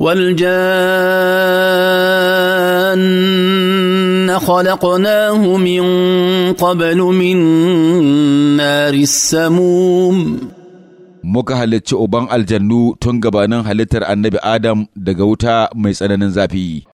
والجان خلقناه من قبل من نار السموم muka halicci uban aljannu tun gabanin halittar annabi adam daga wuta mai tsananin zafi